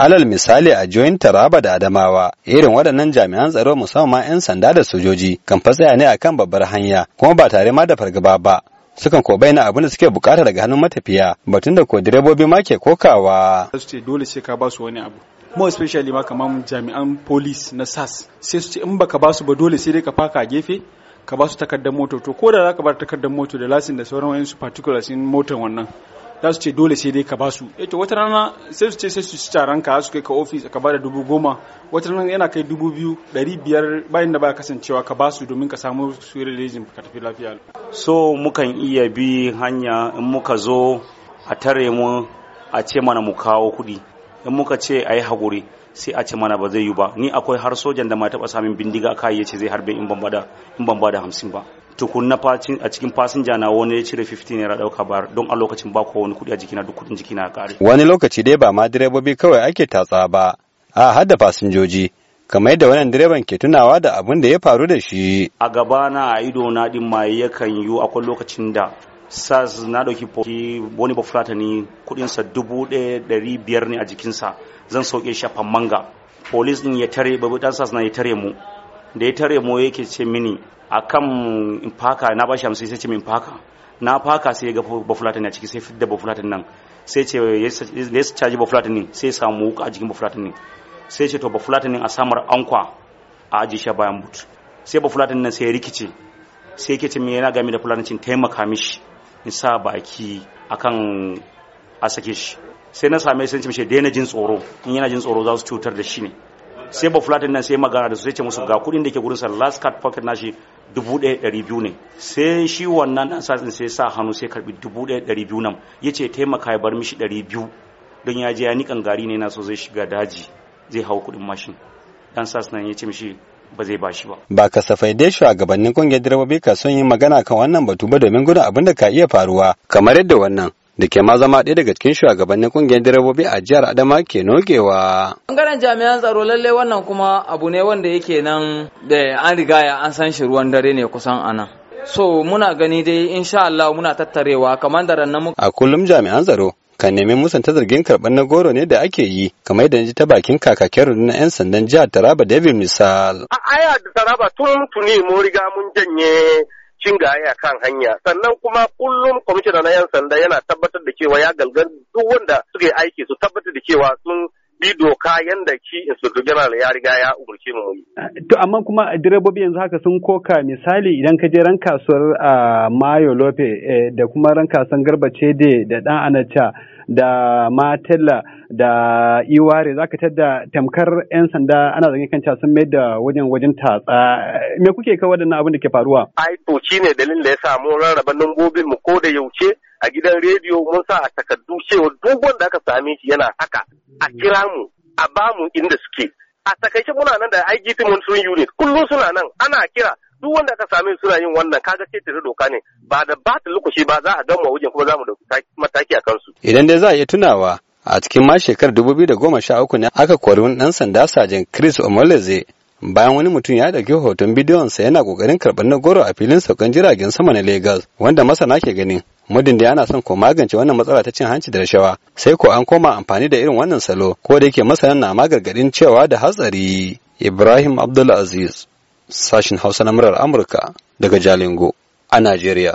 alal misali a jihohin taraba da adamawa irin waɗannan jami'an tsaro musamman ma 'yan sanda da sojoji kan fatsaya ne akan babbar hanya kuma ba tare ma da fargaba ba sukan ko bayyana abin da suke bukata daga hannun matafiya batun da ko direbobi ma ke kokawa su dole sai ka basu wani abu mo especially ma kamar jami'an police na sas sai su ce in baka basu su ba dole sai dai ka faka a gefe ka basu takardar moto to ko da za ka bar takardar moto da lasin da sauran wayansu particulars in motar wannan za su ce dole sai dai ka basu su eh to wata rana sai su ce sai su ci ranka su kai ka ofis ka bada dubu goma wata rana yana kai dubu biyu ɗari biyar bayan da baya kasancewa ka ba domin ka samu su rilejin ka tafi lafiya so mukan iya bi hanya in muka zo a tare mu a ce mana mu kawo kuɗi in muka ce a yi haƙuri sai a ce mana ba zai yi ba ni akwai har sojan da ma taɓa samun bindiga a yi ya ce zai harbe in ban bada hamsin ba tukunna a cikin fasinja na wani ya cire 50 naira dauka ba don a lokacin ba ko wani kudi a jikina duk kudin jikina kare wani lokaci dai ba ma direbobi kawai ake tatsa ba a hada fasinjoji kamar yadda wannan direban ke tunawa da abin da ya faru da shi a gaba na a ido na din ma yakan yiwu akwai lokacin da sas na dauki foki wani bafulata ni dubu ɗaya biyar ne a jikinsa zan sauke shafan manga polis din ya tare babu dan sas na ya tare mu da ya tare mu yake ce mini a kan faka na bashi hamsin sai ce min faka na faka sai ya ga bafulatin a ciki sai fidda bafulatin nan sai ce ya caji bafulatin ne sai samu wuka a jikin bafulatin ne sai ce to bafulatin a samar ankwa a aji shi bayan but sai bafulatin nan sai ya rikice sai yake ce min yana gami da fulatancin taimaka mishi in sa baki akan a sake shi sai na same sai ce mishi daina jin tsoro in yana jin tsoro za su cutar da shi ne sai ba fulatin nan sai magana da su sai ce musu ga kudin da ke gurin sa last card pocket nashi dubu biyu ne sai shi wannan ɗan satsin sai sa hannu sai karbi dubu nan ya ce taimaka ya bar mishi 200 biyu don ya je ya nikan gari ne na so zai shiga daji zai hau kuɗin mashin ɗan satsin nan yace mishi ba zai bashi ba. Ba kasafai dai shugabannin kungiyar direbobi ka son yin magana kan wannan batu ba domin gudun abin da ka iya faruwa kamar yadda wannan da ke ma zama ɗaya daga cikin shugabannin kungiyar direbobi a jihar Adama ke nogewa. Bangaren jami'an tsaro lallai wannan kuma abu ne wanda yake nan da an ya an san shi ruwan dare ne kusan anan. So muna gani dai insha Allah muna tattarewa kamar da ran A kullum jami'an tsaro kan nemi musanta zargin karɓar na goro ne da ake yi kamar yadda ji ta bakin kakakin rundunar 'yan sandan jihar Taraba David misal. A aya da Taraba tun tuni mun riga mun janye shingaye a kan hanya sannan kuma kullum kwamishina na 'yan sanda yana tabbatar da cewa ya galgan duk wanda suka yi aiki su tabbatar da cewa sun bi doka yanda ki inspector general ya riga ya umurce mu yi. Ah, to amma kuma direbobi yanzu haka sun koka misali idan ka je ran kasuwar ah, Mayo Lope eh, da kuma ran kasuwar Garba Cede da Dan Anacha da Matella da Iware zaka tada tamkar 'yan sanda ana zange kan sun mai da wajen wajen tatsa eh, me kuke kawo waɗannan abin da ke faruwa? Ai to ne, dalilin da ya samu rarraba lambobin mu ko da yauce a gidan rediyo mun sa a takardu cewa duk wanda aka same shi yana haka a mm. kira mu a ba mu inda suke a takaice muna nan da IGT monitoring unit kullum suna nan ana kira duk wanda aka same suna yin wannan kaga ce tare doka ne ba da ba ta lokaci ba za a gama wajen kuma za mu dauki mataki a kansu idan dai za a iya tunawa a cikin ma sha uku ne aka kori wani dan sanda sajan Chris Omoleze bayan wani mutum ya dauki hoton bidiyonsa yana kokarin karɓar na goro a filin saukan jiragen sama na Legas, wanda masana ke ganin muddin da yana son ko magance wannan matsala ta cin hanci da rashawa sai ko an koma amfani da irin wannan salo ko da yake masana na magargadin cewa da hatsari Ibrahim Abdulaziz sashin Hausa na murar Amurka daga Jalingo a Najeriya